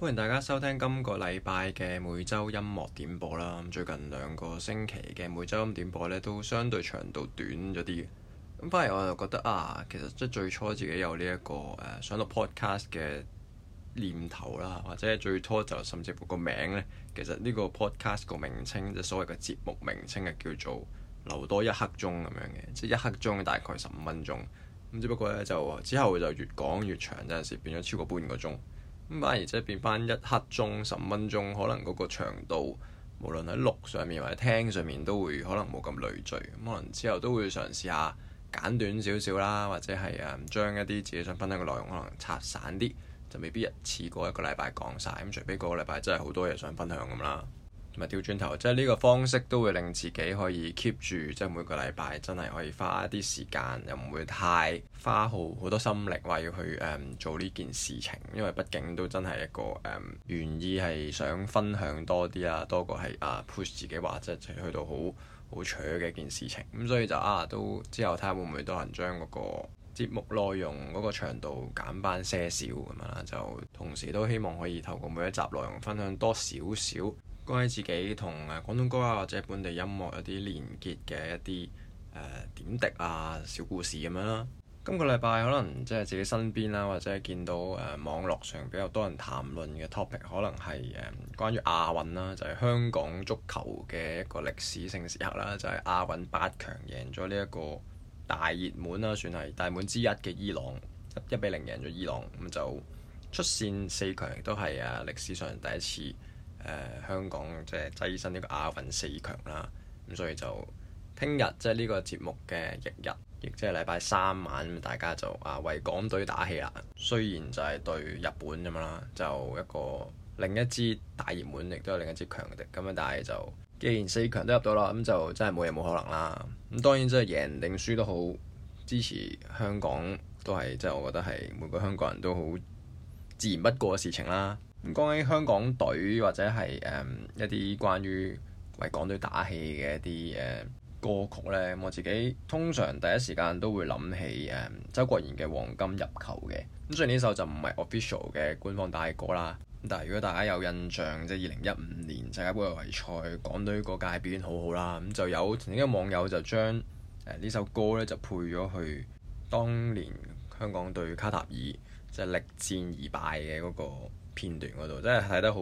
歡迎大家收聽今個禮拜嘅每周音樂點播啦！最近兩個星期嘅每周音樂點播咧，都相對長度短咗啲。咁反而我就覺得啊，其實即係最初自己有呢、這、一個誒想、呃、到 podcast 嘅念頭啦，或者最初就甚至乎個名咧，其實呢個 podcast 個名稱即係所謂嘅節目名稱係叫做留多一刻鐘咁樣嘅，即係一刻鐘大概十五分鐘。咁只不過咧就之後就越講越長，有陣時變咗超過半個鐘。咁反而即係變翻一刻鐘、十五分鐘，可能嗰個長度，無論喺錄上面或者聽上面，都會可能冇咁累贅。咁可能之後都會嘗試下簡短少少啦，或者係誒將一啲自己想分享嘅內容可能拆散啲，就未必一次過一個禮拜講晒。咁除非個禮拜真係好多嘢想分享咁啦。咪掉轉頭，即係呢個方式都會令自己可以 keep 住，即係每個禮拜真係可以花一啲時間，又唔會太花好好多心力話要去誒、um, 做呢件事情，因為畢竟都真係一個誒願、um, 意係想分享多啲啦，多過係啊 push 自己話即係去到好好扯嘅一件事情。咁、嗯、所以就啊都之後睇下會唔會多人將嗰個節目內容嗰個長度減返些少咁樣啦，就同時都希望可以透過每一集內容分享多少少。關於自己同誒廣東歌啊，或者本地音樂有啲連結嘅一啲誒點滴啊、小故事咁樣啦。今個禮拜可能即係自己身邊啦，或者見到誒網絡上比較多人談論嘅 topic，可能係誒關於亞運啦，就係、是、香港足球嘅一個歷史性時刻啦，就係、是、亞運八強贏咗呢一個大熱門啦，算係大熱門之一嘅伊朗一比零贏咗伊朗，咁就出線四強都係啊歷史上第一次。誒、呃、香港即係躋身呢個亞運四強啦，咁所以就聽日即係呢個節目嘅翌日，亦即係禮拜三晚，大家就啊為港隊打氣啦。雖然就係對日本咁樣啦，就一個另一支大熱門，亦都係另一支強敵咁樣，但係就既然四強都入到啦，咁就真係冇嘢冇可能啦。咁當然即係贏定輸都好，支持香港都係即係我覺得係每個香港人都好自然不過嘅事情啦。咁講起香港隊或者係誒、嗯、一啲關於為港隊打氣嘅一啲誒、嗯、歌曲呢，我自己通常第一時間都會諗起誒、嗯、周國賢嘅《黃金入球》嘅。咁雖然呢首就唔係 official 嘅官方大歌啦。但係如果大家有印象，即係二零一五年世界盃外圍賽，港隊嗰屆表現好好啦，咁就有曾經有網友就將呢首歌呢就配咗去當年香港對卡塔爾即係力戰而敗嘅嗰、那個。片段嗰度真係睇得好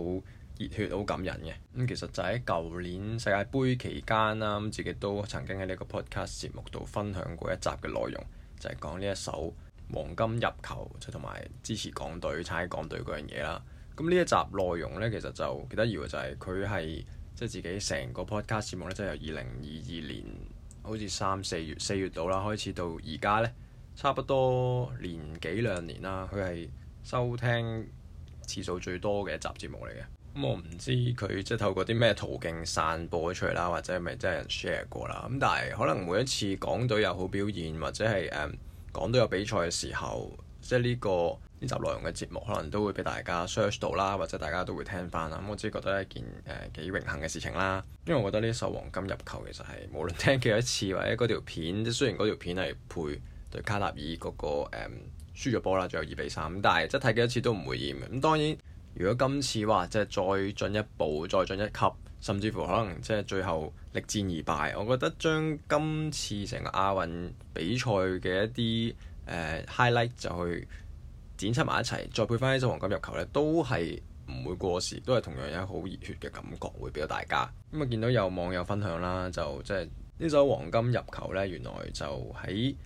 熱血，好感人嘅。咁、嗯、其實就喺舊年世界盃期間啦，咁、嗯、自己都曾經喺呢一個 podcast 節目度分享過一集嘅內容，就係講呢一首黃金入球，就同、是、埋支持港隊、撐港隊嗰樣嘢啦。咁、嗯、呢一集內容呢，其實就幾得意嘅，就係佢係即係自己成個 podcast 節目呢，即、就、係、是、由二零二二年好似三四月四月度啦，開始到而家呢，差不多年幾兩年啦。佢係收聽。次數最多嘅一集節目嚟嘅，咁、嗯、我唔知佢即係透過啲咩途徑散播咗出嚟啦，或者係咪真係人 share 過啦？咁但係可能每一次港隊又好表現，或者係誒、嗯、港隊有比賽嘅時候，即係呢、這個呢集內容嘅節目，可能都會俾大家 search 到啦，或者大家都會聽翻啦。咁、嗯、我只覺得係一件誒、呃、幾榮幸嘅事情啦，因為我覺得呢首黃金入球其實係無論聽幾多次或者嗰條片，即係雖然嗰條片係配對卡納爾嗰、那個、嗯輸咗波啦，仲有二比三。但係即係睇幾多次都唔會厭。咁當然，如果今次話即係再進一步、再進一級，甚至乎可能即係最後力戰而敗，我覺得將今次成個亞運比賽嘅一啲、呃、highlight 就去剪輯埋一齊，再配翻呢首黃金入球呢，都係唔會過時，都係同樣有好熱血嘅感覺，會俾到大家。咁、嗯、啊，見到有網友分享啦，就即係呢首黃金入球呢，原來就喺～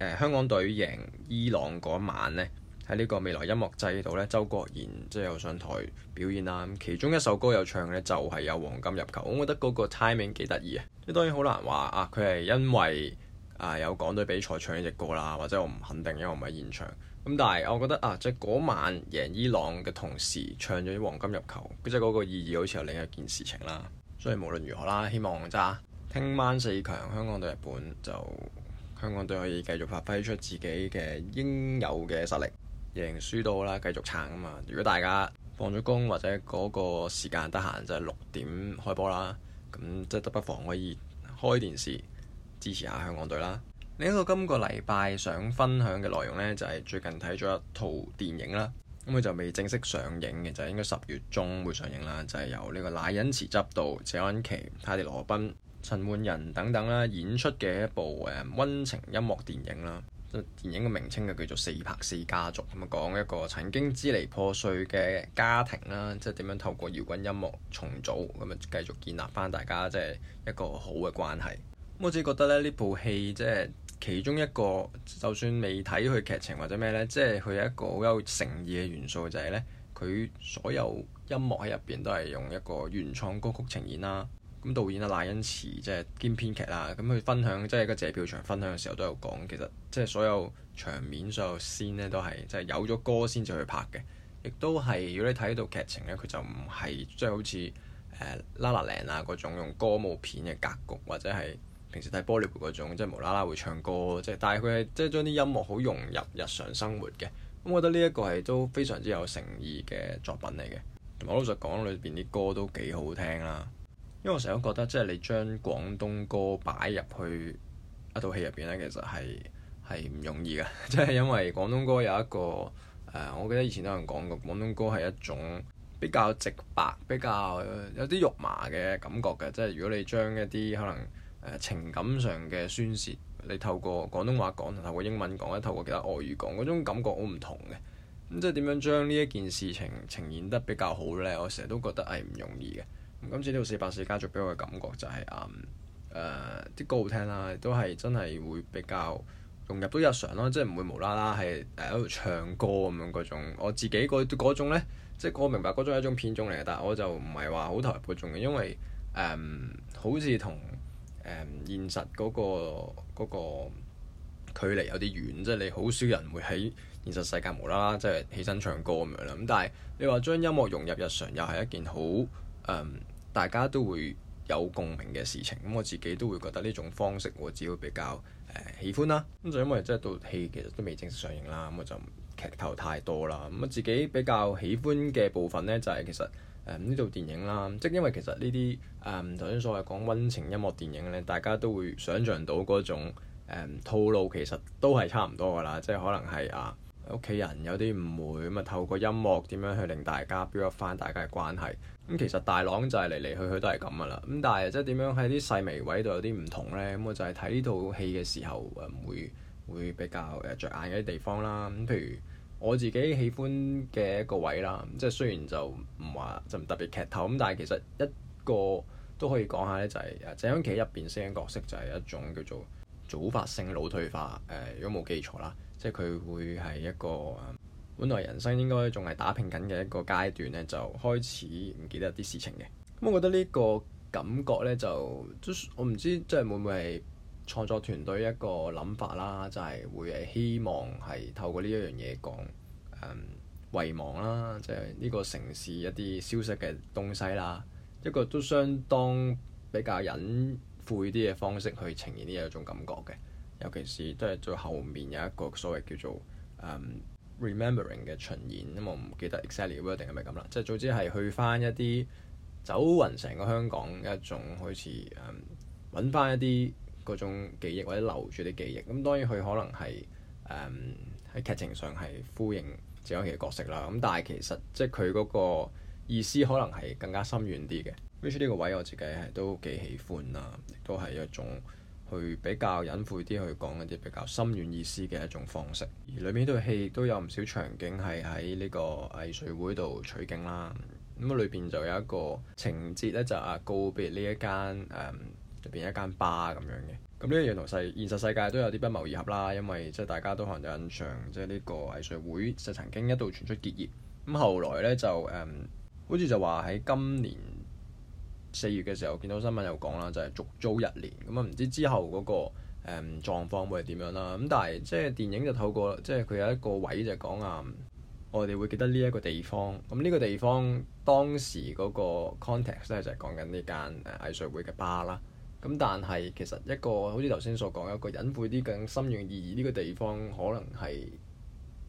誒、呃、香港隊贏伊朗嗰晚咧，喺呢個未來音樂祭度咧，周國賢即係、就是、有上台表演啦。其中一首歌有唱咧，就係有黃金入球。我覺得嗰個 timing 幾得意啊！即係當然好難話啊，佢係因為啊有港隊比賽唱呢隻歌啦，或者我唔肯定，因為我唔係現場。咁但係我覺得啊，在、就、嗰、是、晚贏伊朗嘅同時唱咗啲《黃金入球》，佢即係嗰個意義好似有另一件事情啦。所以無論如何啦，希望咋聽晚四強香港對日本就。香港隊可以繼續發揮出自己嘅應有嘅實力，贏輸都好啦，繼續撐啊嘛！如果大家放咗工或者嗰個時間得閒，就係六點開波啦，咁即係不妨可以開電視支持下香港隊啦。另一個今個禮拜想分享嘅內容呢，就係最近睇咗一套電影啦，咁佢就未正式上映嘅，就係應該十月中會上映啦，就係由呢個賴恩慈執導，謝安琪、泰迪·羅賓，陳奐仁等等啦演出嘅一部誒溫、嗯、情音樂電影啦，電影嘅名稱就叫做《四拍四家族》，咁、嗯、啊講一個曾經支離破碎嘅家庭啦、嗯，即係點樣透過搖滾音樂重組，咁、嗯、啊繼續建立翻大家即係一個好嘅關係。嗯、我自己覺得咧，呢部戲即係其中一個，就算未睇佢劇情或者咩呢，即係佢有一個好有誠意嘅元素就係呢佢所有音樂喺入邊都係用一個原創歌曲呈現啦。咁導演啊，賴恩慈即係兼編劇啦、啊。咁佢分享即係個謝票場分享嘅時候，都有講其實即係所有場面、所有先呢，都係即係有咗歌先至去拍嘅。亦都係如果你睇到劇情呢，佢就唔係即係好似誒 La La Land 啊嗰種用歌舞片嘅格局，或者係平時睇 Bollywood 嗰種即係無啦啦會唱歌。即係但係佢係即係將啲音樂好融入日常生活嘅。咁、嗯、我覺得呢一個係都非常之有誠意嘅作品嚟嘅。同埋我老實講裏邊啲歌都幾好聽啦。因為我成日都覺得，即係你將廣東歌擺入去一套戲入邊咧，其實係係唔容易嘅。即係因為廣東歌有一個誒、呃，我記得以前都有人講過，廣東歌係一種比較直白、比較、呃、有啲肉麻嘅感覺嘅。即係如果你將一啲可能誒、呃、情感上嘅宣泄，你透過廣東話講、透過英文講、咧透過其他外語講，嗰種感覺好唔同嘅。咁即係點樣將呢一件事情呈現得比較好咧？我成日都覺得係唔容易嘅。今次呢個4拍4家族俾我嘅感覺就係、是、誒，誒、嗯、啲、呃、歌好聽啦，都係真係會比較融入到日常咯，即係唔會無啦啦係喺度唱歌咁樣嗰種。我自己個嗰種咧，即係我明白嗰種係一種片種嚟，但係我就唔係話好投入嗰種嘅，因為誒、嗯、好似同誒現實嗰、嗰個嗰個距離有啲遠，即係你好少人會喺現實世界無啦啦即係起身唱歌咁樣啦。咁但係你話將音樂融入日常又係一件好誒，嗯大家都會有共鳴嘅事情，咁我自己都會覺得呢種方式我自己會比較誒、呃、喜歡啦。咁就因為即係套戲其實都未正式上映啦，咁我就劇頭太多啦。咁我自己比較喜歡嘅部分呢，就係、是、其實誒呢套電影啦，即係因為其實呢啲誒頭先所謂講溫情音樂電影呢，大家都會想像到嗰種套路，呃、其實都係差唔多噶啦，即係可能係啊。屋企人有啲誤會咁啊，透過音樂點樣去令大家 build 翻大家嘅關係？咁其實大郎就係嚟嚟去去都係咁噶啦。咁但係即係點樣喺啲細微位度有啲唔同呢？咁我就係睇呢套戲嘅時候誒，每、啊、會,會比較誒、啊、著眼嘅地方啦。咁譬如我自己喜歡嘅一個位啦，即係雖然就唔話就唔特別劇透咁，但係其實一個都可以講下呢、就是，就係鄭允琪入邊聲音角色就係一種叫做。早發性腦退化，誒、呃，如果冇記錯啦，即係佢會係一個本來人生應該仲係打拼緊嘅一個階段咧，就開始唔記得啲事情嘅。咁、嗯、我覺得呢個感覺咧，就都我唔知，即係會唔會係創作團隊一個諗法啦，就係、是、會係希望係透過呢一樣嘢講，誒、嗯、遺忘啦，即係呢個城市一啲消失嘅東西啦，一個都相當比較隱。攰啲嘅方式去呈現呢一種感覺嘅，尤其是都係最後面有一個所謂叫做、嗯、remembering 嘅巡演，咁、嗯、我唔記得 exactly whether 定係咪咁啦，即係總之係去翻一啲走勻成個香港一種，好似誒揾翻一啲嗰種記憶或者留住啲記憶，咁、嗯、當然佢可能係誒喺劇情上係呼應謝安琪嘅角色啦，咁、嗯、但係其實即係佢嗰個意思可能係更加深遠啲嘅。which 呢個位我自己係都幾喜歡啦，亦都係一種去比較隱晦啲去講一啲比較深遠意思嘅一種方式。而裏面呢套戲亦都有唔少場景係喺呢個藝穗會度取景啦。咁、嗯、啊，裏邊就有一個情節咧，就啊、係、告別呢一間誒裏邊一間吧咁樣嘅。咁呢一樣同世現實世界都有啲不謀而合啦，因為即係大家都可能有印象，即係呢個藝穗會就曾經一度傳出結業咁、嗯，後來咧就誒、嗯、好似就話喺今年。四月嘅時候見到新聞又講啦，就係、是、續租一年，咁啊唔知之後嗰、那個誒、嗯、狀況會係點樣啦？咁但係即係電影就透過即係佢有一個位就講啊，我哋會記得呢一個地方。咁呢個地方當時嗰個 context 咧就係講緊呢間誒藝術會嘅吧啦。咁但係其實一個好似頭先所講一個隱晦啲更深遠意義，呢個地方可能係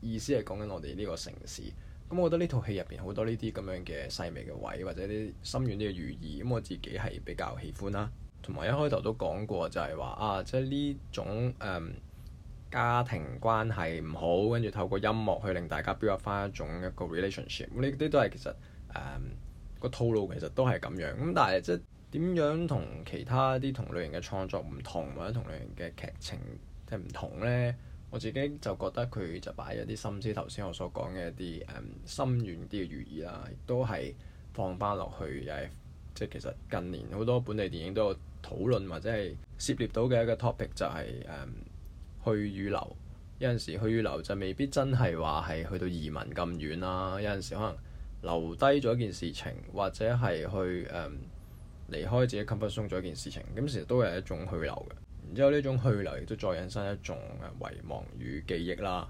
意思係講緊我哋呢個城市。咁我覺得呢套戲入邊好多呢啲咁樣嘅細微嘅位，或者啲深遠啲嘅寓意，咁我自己係比較喜歡啦。同埋一開頭都講過就，就係話啊，即係呢種誒、嗯、家庭關係唔好，跟住透過音樂去令大家 build 翻一種一個 relationship。呢啲都係其實誒個、嗯、套路，其實都係咁樣。咁但係即係點樣同其他啲同類型嘅創作唔同或者同類型嘅劇情即係唔同咧？我自己就覺得佢就擺一啲心思，頭先我所講嘅一啲誒、um, 深遠啲嘅寓意啦，都係放翻落去，又即係其實近年好多本地電影都有討論或者係涉獵到嘅一個 topic 就係、是 um, 去與留。有陣時去與留就未必真係話係去到移民咁遠啦，有陣時可能留低咗一件事情，或者係去誒離、um, 開自己 comfort zone 咗一件事情，咁其實都係一種去留嘅。然之後呢種去留亦都再引申一種誒遺忘與記憶啦。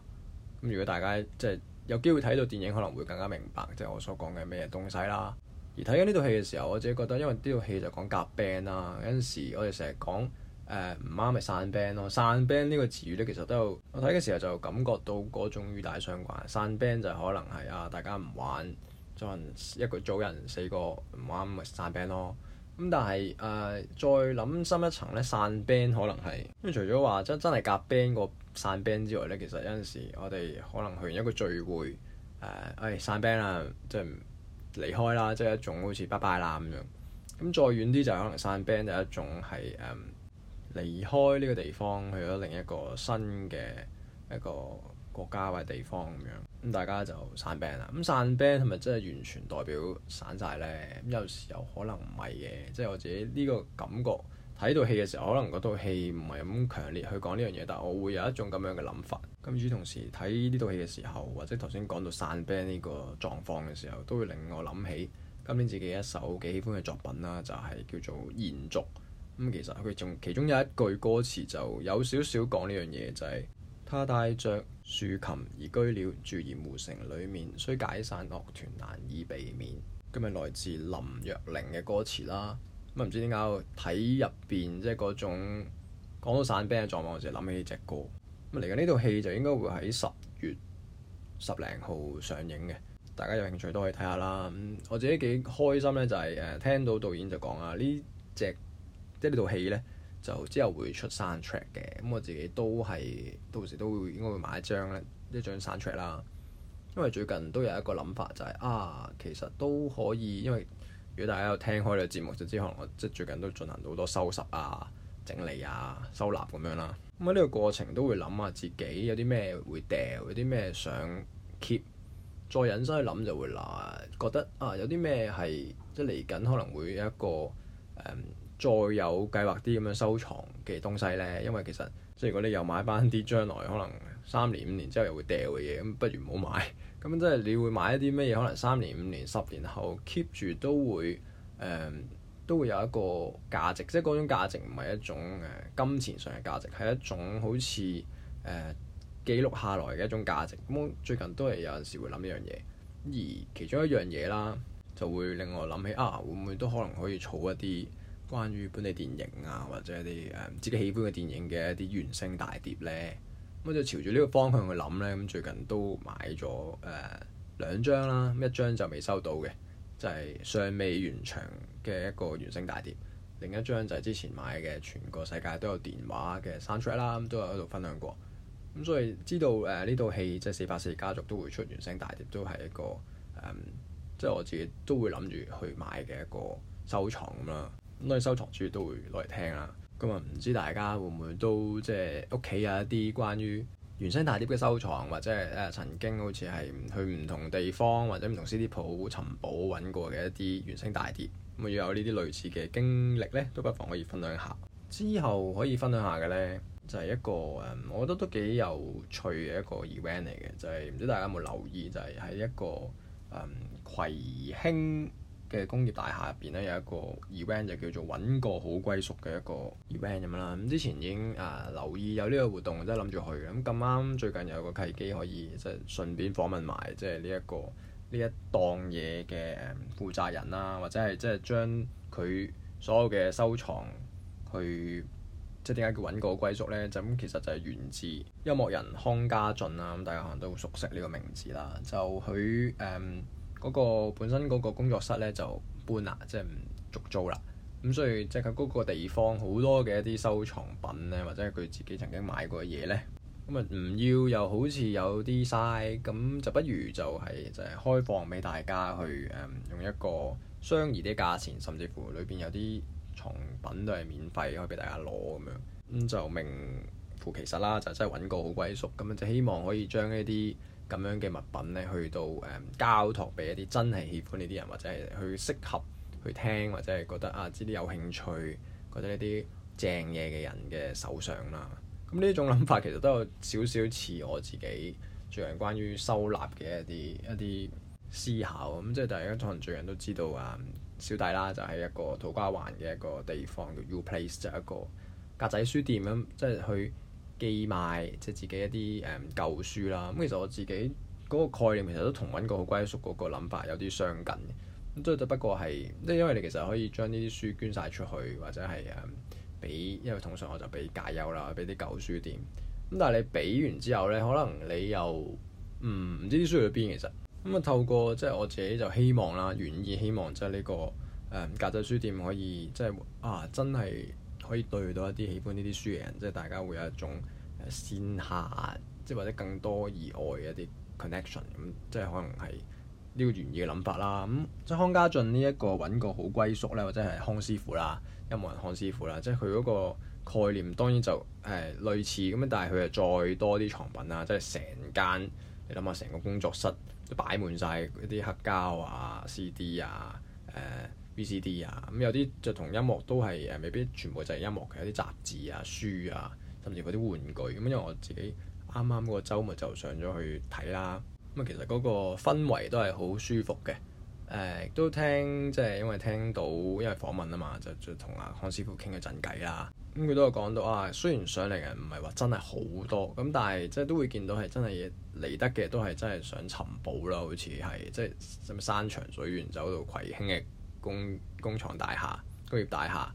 咁如果大家即係有機會睇到電影，可能會更加明白即係我所講嘅咩東西啦。而睇緊呢套戲嘅時候，我自己覺得，因為呢套戲就講夾 band 啦、啊。有陣時我哋成日講唔啱咪散 band 咯，散、呃、band 呢個詞語咧其實都有。我睇嘅時候就感覺到嗰種語帶相關。散 band 就可能係啊大家唔玩，做人一個組人四個唔啱咪散 band 咯。咁但係誒、呃，再諗深一層咧，散 band 可能係咁。因為除咗話真真係夾 band 個散 band 之外咧，其實有陣時我哋可能去完一個聚會誒，誒、呃哎、散 band 啦，即係離開啦，即、就、係、是、一種好似拜拜 e b 啦咁樣。咁、嗯、再遠啲就可能散 band 就一種係誒離開呢個地方去咗另一個新嘅一個國家或者地方咁樣。咁大家就散 band 啦。咁散 band 係咪真係完全代表散晒呢？咁有時候可能唔係嘅，即係我自己呢個感覺。睇到戲嘅時候，可能嗰套戲唔係咁強烈去講呢樣嘢，但係我會有一種咁樣嘅諗法。咁與同時睇呢套戲嘅時候，或者頭先講到散 band 呢個狀況嘅時候，都會令我諗起今年自己一首幾喜歡嘅作品啦，就係、是、叫做《延續》。咁其實佢仲其中有一句歌詞就有少少講呢樣嘢，就係、是。他帶着豎琴而居了，住鹽湖城裡面，需解散樂團難以避免。今日來自林若寧嘅歌詞啦，咁唔知點解睇入邊即係嗰種講到散兵嘅狀況，我就諗起呢隻歌。咁嚟緊呢套戲就應該會喺十月十零號上映嘅，大家有興趣都可以睇下啦。我自己幾開心咧、就是，就係誒聽到導演就講啊，隻呢隻即係呢套戲咧。就之後會出 soundtrack 嘅，咁我自己都係到時都會應該會買一張咧，一張 soundtrack 啦。因為最近都有一個諗法就係、是、啊，其實都可以，因為如果大家有聽開呢個節目，就知可能我即最近都進行到好多收拾啊、整理啊、收納咁樣啦。咁喺呢個過程都會諗下、啊、自己有啲咩會掉，有啲咩想 keep，再忍心去諗就會嗱、啊、覺得啊，有啲咩係即嚟緊可能會有一個誒。嗯再有計劃啲咁樣收藏嘅東西呢？因為其實即係如果你又買返啲將來可能三年五年之後又會掉嘅嘢，咁不如唔好買。咁即係你會買一啲咩嘢？可能三年五年十年後 keep 住都會、呃、都會有一個價值，即係嗰種價值唔係一種誒金錢上嘅價值，係一種好似誒記錄下來嘅一種價值。咁我最近都係有陣時會諗呢樣嘢，而其中一樣嘢啦，就會令我諗起啊，會唔會都可能可以儲一啲？關於本地電影啊，或者一啲誒、嗯、自己喜歡嘅電影嘅一啲原聲大碟咧，咁我就朝住呢個方向去諗咧。咁最近都買咗誒、呃、兩張啦，一張就未收到嘅，就係、是、尚未完場嘅一個原聲大碟。另一張就係之前買嘅《全個世界都有電話》嘅 soundtrack 啦，咁都有喺度分享過。咁所以知道誒呢套戲即係《四拍四家族》都會出原聲大碟，都係一個即係、嗯就是、我自己都會諗住去買嘅一個收藏咁啦。我哋收藏者都會攞嚟聽啦，咁啊唔知大家會唔會都即係屋企有一啲關於原聲大碟嘅收藏，或者係誒曾經好似係去唔同地方或者唔同 CD 鋪尋寶揾過嘅一啲原聲大碟，咁如果有呢啲類似嘅經歷呢，都不妨可以分享下。之後可以分享下嘅呢，就係、是、一個誒，我覺得都幾有趣嘅一個 event 嚟嘅，就係、是、唔知大家有冇留意，就係、是、喺一個葵、嗯、興嘅工業大廈入邊咧有一個 event 就叫做揾個好歸宿嘅一個 event 咁樣啦，咁之前已經誒、呃、留意有呢個活動，即係諗住去，咁咁啱最近有個契機可以即係、就是、順便訪問埋即係呢一個呢一檔嘢嘅負責人啦，或者係即係將佢所有嘅收藏去即係點解叫揾個歸宿呢？咁、就是、其實就係源自音樂人康家俊啦，咁大家可能都熟悉呢個名字啦。就佢誒。嗯嗰個本身嗰個工作室呢，就搬啦，即係唔續租啦。咁所以即係嗰個地方好多嘅一啲收藏品呢，或者係佢自己曾經買過嘅嘢呢，咁啊唔要又好似有啲嘥，咁就不如就係就係開放俾大家去誒、嗯、用一個相宜啲價錢，甚至乎裏邊有啲藏品都係免費可以俾大家攞咁樣，咁就名副其實，實啦，就真係搵個好歸宿。咁啊就希望可以將呢啲。咁樣嘅物品咧，去到誒、嗯、交託俾一啲真係喜歡呢啲人，或者係去適合去聽，或者係覺得啊，呢啲有興趣，覺得呢啲正嘢嘅人嘅手上啦。咁呢一種諗法其實都有少少似我自己最近關於收納嘅一啲一啲思考咁、嗯。即係大家可能最近都知道啊、嗯，小弟啦就喺、是、一個土瓜灣嘅一個地方叫 U Place，就係一個格仔書店咁，即係去。寄賣即係自己一啲誒、嗯、舊書啦，咁其實我自己嗰個概念其實都同搵個好歸宿嗰個諗法有啲相近嘅，咁都只不過係即係因為你其實可以將呢啲書捐晒出去，或者係誒俾，因為通常我就俾解憂啦，俾啲舊書店。咁但係你俾完之後咧，可能你又唔唔、嗯、知啲書去邊其實。咁、嗯、啊透過即係我自己就希望啦，願意希望即係呢、這個誒格仔書店可以即係啊真係。可以對到一啲喜歡呢啲書嘅人，即係大家會有一種線、呃、下，即係或者更多意外嘅一啲 connection，咁、嗯、即係可能係呢個原意嘅諗法啦。咁、嗯、即係康家俊呢一個揾個好歸宿咧，或者係康師傅啦，音樂、嗯、人康師傅啦，即係佢嗰個概念當然就係、呃、類似咁樣，但係佢又再多啲藏品啊，即係成間你諗下成個工作室都擺滿曬嗰啲黑膠啊、CD 啊、誒、呃。B、C、D 啊，咁有啲就同音樂都係誒，未必全部就係音樂嘅，有啲雜誌啊、書啊，甚至嗰啲玩具。咁因為我自己啱啱個週末就上咗去睇啦。咁啊，其實嗰個氛圍都係好舒服嘅。誒、呃，都聽即係因為聽到因為訪問啊嘛，就就同阿康師傅傾咗陣偈啦。咁、嗯、佢都有講到啊，雖然上嚟嘅唔係話真係好多咁，但係即係都會見到係真係嚟得嘅都係真係想尋寶啦，好似係即係山長水遠走到葵興嘅。工工廠大廈、工業大廈，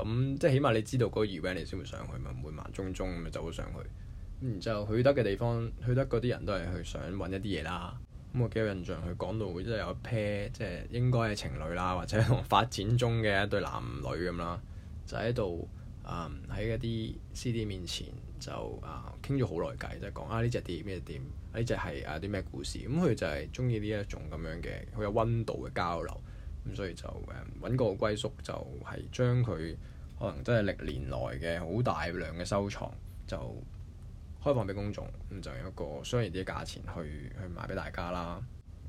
咁即係起碼你知道嗰個 event 你先會上去嘛，唔會盲中中咁走上去。咁然之後去得嘅地方，去得嗰啲人都係去想搵一啲嘢啦。咁我幾有印象佢講到即係有一 pair，即係應該係情侶啦，或者發展中嘅一對男女咁啦，就喺度啊喺一啲 CD 面前就、嗯就是、啊傾咗好耐偈，即係講啊呢隻碟咩點，呢隻係啊啲咩、這個、故事。咁佢就係中意呢一種咁樣嘅好有温度嘅交流。咁所以就誒揾個歸宿，就係將佢可能真係歷年來嘅好大量嘅收藏，就開放俾公眾。咁就用一個相宜啲價錢去去賣俾大家啦。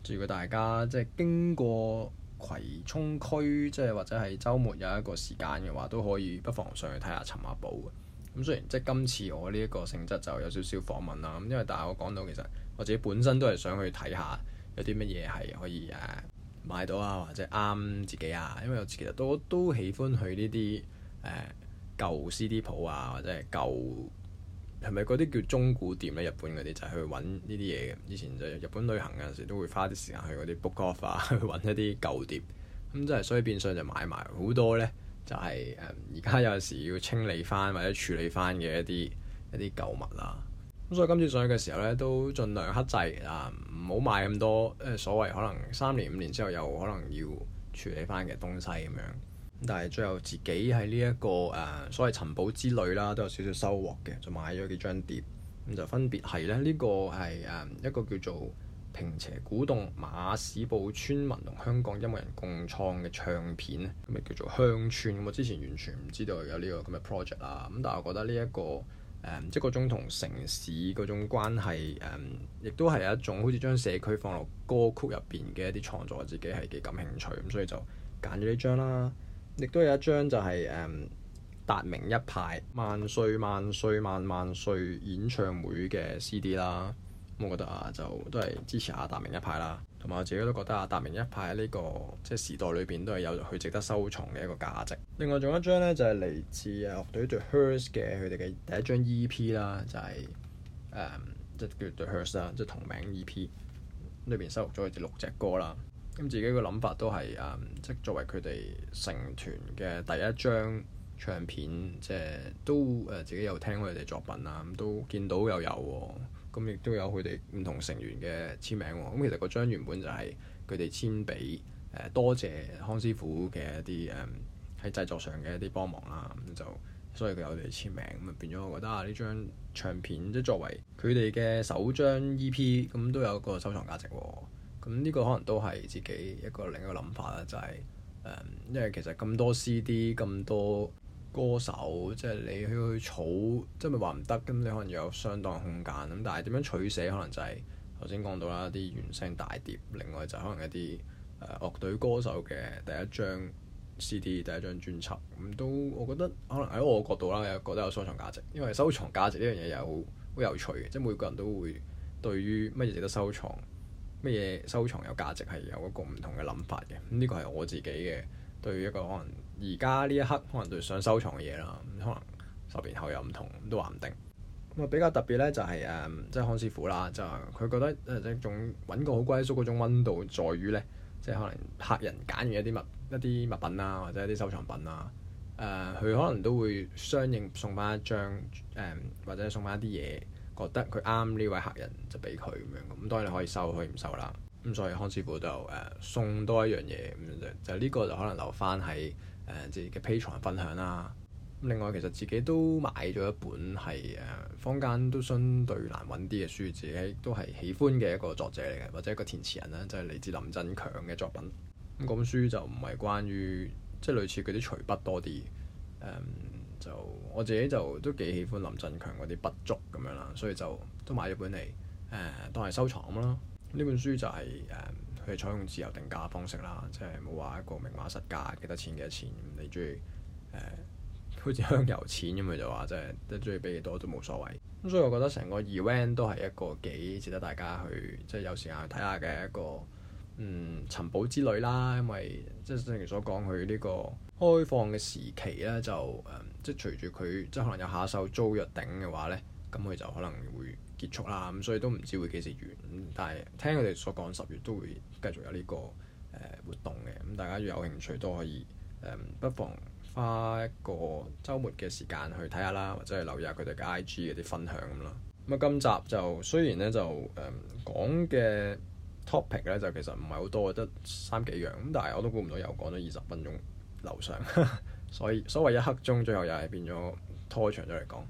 如果大家即係經過葵涌區，即係或者係週末有一個時間嘅話，都可以不妨上去睇下、尋下寶嘅。咁雖然即係今次我呢一個性質就有少少訪問啦。咁因為但係我講到其實我自己本身都係想去睇下有啲乜嘢係可以誒、啊。買到啊，或者啱自己啊，因為我其實都都喜歡去呢啲誒舊 CD 鋪啊，或者係舊係咪嗰啲叫中古店呢？日本嗰啲就係、是、去揾呢啲嘢嘅。以前就日本旅行有陣時都會花啲時間去嗰啲 Book Off 啊，去揾一啲舊店。咁即係所以變相就買埋好多呢，就係而家有時要清理翻或者處理翻嘅一啲一啲舊物啦、啊。咁所以今次上去嘅時候咧，都盡量克制啊，唔好買咁多誒、呃、所謂可能三年五年之後又可能要處理翻嘅東西咁樣。但係最後自己喺呢一個誒、啊、所謂尋寶之旅啦，都有少少收穫嘅，就買咗幾張碟。咁就分別係咧，呢、這個係誒、啊、一個叫做坪輋古洞馬屎埔村民同香港音樂人共創嘅唱片，咁咪叫做香村。咁我之前完全唔知道有呢、這個咁嘅 project 啦。咁、這個、但係我覺得呢、這、一個。嗯、即係嗰種同城市嗰種關係，嗯、亦都係一種好似將社區放落歌曲入邊嘅一啲創作，我自己係幾感興趣，咁所以就揀咗呢張啦。亦都有一張就係、是、誒、嗯、達明一派《萬歲萬歲萬萬歲》萬歲演唱會嘅 CD 啦。我覺得啊，就都係支持下達明一派啦。同埋我自己都覺得啊，達明一派喺、這、呢個即係時代裏邊都係有佢值得收藏嘅一個價值。另外仲有一張咧，就係、是、嚟自啊樂隊叫 Hers 嘅佢哋嘅第一張 EP 啦、就是，就係誒即係叫 The Hers 啦，即係同名 EP 裏邊收錄咗佢哋六隻歌啦。咁、啊、自己嘅諗法都係誒，um, 即係作為佢哋成團嘅第一張唱片，即係都誒、呃、自己有聽佢哋作品啦，咁都見到又有喎。咁亦都有佢哋唔同成員嘅簽名喎，咁其實嗰張原本就係佢哋簽俾誒、呃、多謝康師傅嘅一啲誒喺製作上嘅一啲幫忙啦，咁、嗯、就所以佢有佢哋簽名，咁啊變咗我覺得啊呢張唱片即作為佢哋嘅首張 EP，咁、嗯、都有個收藏價值喎。咁、嗯、呢個可能都係自己一個另一個諗法啦，就係、是、誒、嗯，因為其實咁多 CD 咁多。歌手即係你去去草，即係咪話唔得？咁你可能有相當空間，咁，但係點樣取捨可能就係頭先講到啦，啲原聲大碟，另外就可能一啲樂隊歌手嘅第一張 CD、第一張專輯，咁、嗯，都我覺得可能喺我個角度啦，有覺得有收藏價值，因為收藏價值呢樣嘢有好有趣嘅，即係每個人都會對於乜嘢值得收藏，乜嘢收藏有價值係有一個唔同嘅諗法嘅。呢個係我自己嘅對於一個可能。而家呢一刻可能對想收藏嘅嘢啦，咁可能十年後又唔同，都話唔定。咁啊比較特別咧、呃、就係誒，即係康師傅啦，就佢、是、覺得誒一種揾個好歸宿嗰種溫度，在於咧，即、就、係、是、可能客人揀完一啲物一啲物品啊，或者一啲收藏品啊，誒、呃、佢可能都會相應送翻一張誒、呃，或者送翻一啲嘢，覺得佢啱呢位客人就俾佢咁樣。咁當然你可以收，可以唔收啦。咁所以康師傅就誒、uh, 送多一樣嘢，就就呢個就可能留翻喺誒自己嘅 Patreon 分享啦。另外其實自己都買咗一本係誒、uh, 坊間都相對難揾啲嘅書，自己都係喜歡嘅一個作者嚟嘅，或者一個填詞人啦、啊，就係、是、嚟自林振強嘅作品。咁本書就唔係關於即係、就是、類似嗰啲隨筆多啲。誒、um，就我自己就都幾喜歡林振強嗰啲筆觸咁樣啦，所以就都買咗本嚟誒、uh, 當係收藏咁咯。呢本書就係誒佢哋採用自由定價方式啦，即係冇話一個明碼實價幾多錢幾多錢，你中意，誒好似香油錢咁，佢就話，即係都中意俾幾多都冇所謂。咁所以我覺得成個 event 都係一個幾值得大家去即係有時間去睇下嘅一個嗯尋寶之旅啦，因為即係正如所講，佢呢個開放嘅時期咧就、嗯、即係隨住佢即係可能有下手租約頂嘅話咧，咁佢就可能會結束啦，咁所以都唔知會幾時完，但係聽佢哋所講，十月都會繼續有呢、這個誒、呃、活動嘅，咁大家要有興趣都可以誒、呃，不妨花一個週末嘅時間去睇下啦，或者係留意下佢哋嘅 IG 嗰啲分享咁咯。咁啊、嗯，今集就雖然咧就誒、呃、講嘅 topic 咧就其實唔係好多，得三幾樣，咁但係我都估唔到又講咗二十分鐘樓上， 所以所謂一刻鐘最後又係變咗拖長咗嚟講。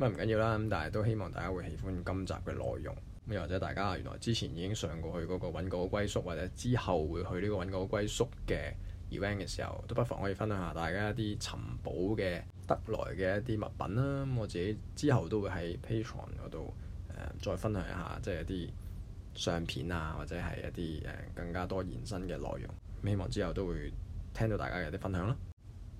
乜唔緊要啦，咁但係都希望大家會喜歡今集嘅內容。咁又或者大家原來之前已經上過去嗰個揾個好歸宿，或者之後會去呢個揾個好歸宿嘅 event 嘅時候，都不妨可以分享下大家一啲尋寶嘅得來嘅一啲物品啦。咁、嗯、我自己之後都會喺 Patreon 嗰度、呃、再分享一下，即係一啲相片啊，或者係一啲誒、呃、更加多延伸嘅內容、嗯。希望之後都會聽到大家嘅啲分享啦。